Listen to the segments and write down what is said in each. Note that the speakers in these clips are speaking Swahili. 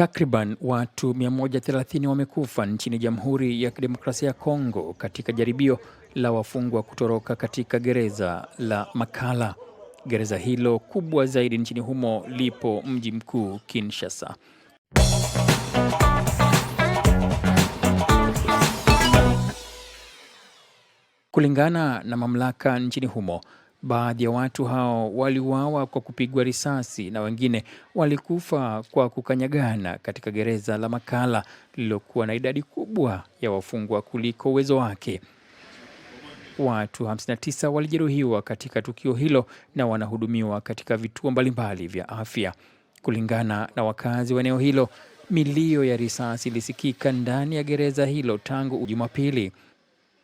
Takriban watu 130 wamekufa nchini Jamhuri ya Kidemokrasia ya Kongo katika jaribio la wafungwa kutoroka katika gereza la Makala. Gereza hilo kubwa zaidi nchini humo lipo mji mkuu Kinshasa. Kulingana na mamlaka nchini humo, Baadhi ya watu hao waliuawa kwa kupigwa risasi na wengine walikufa kwa kukanyagana katika gereza la Makala lililokuwa na idadi kubwa ya wafungwa kuliko uwezo wake. Watu 59 walijeruhiwa katika tukio hilo na wanahudumiwa katika vituo mbalimbali vya afya. Kulingana na wakazi wa eneo hilo, milio ya risasi ilisikika ndani ya gereza hilo tangu Jumapili.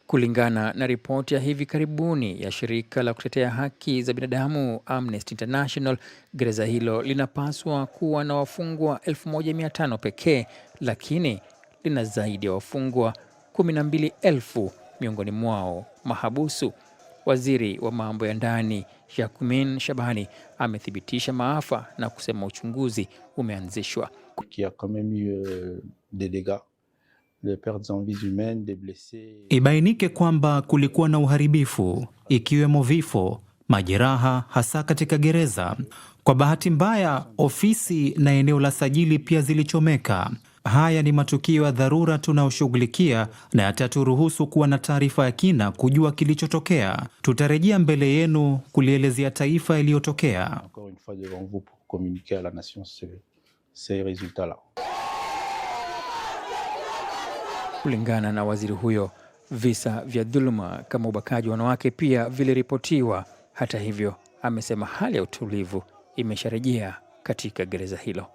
Kulingana na ripoti ya hivi karibuni ya shirika la kutetea haki za binadamu Amnesty International, gereza hilo linapaswa kuwa na wafungwa 1500 pekee, lakini lina zaidi ya wafungwa 12,000, miongoni mwao mahabusu. Waziri wa mambo ya ndani Jacquemin Shabani amethibitisha maafa na kusema uchunguzi umeanzishwa. Ibainike kwamba kulikuwa na uharibifu ikiwemo vifo, majeraha, hasa katika gereza. Kwa bahati mbaya, ofisi na eneo la sajili pia zilichomeka. Haya ni matukio ya dharura tunayoshughulikia na yataturuhusu kuwa na taarifa ya kina kujua kilichotokea. Tutarejea mbele yenu kulielezea taifa iliyotokea Kulingana na waziri huyo, visa vya dhuluma kama ubakaji wanawake pia viliripotiwa. Hata hivyo, amesema hali ya utulivu imesharejea katika gereza hilo.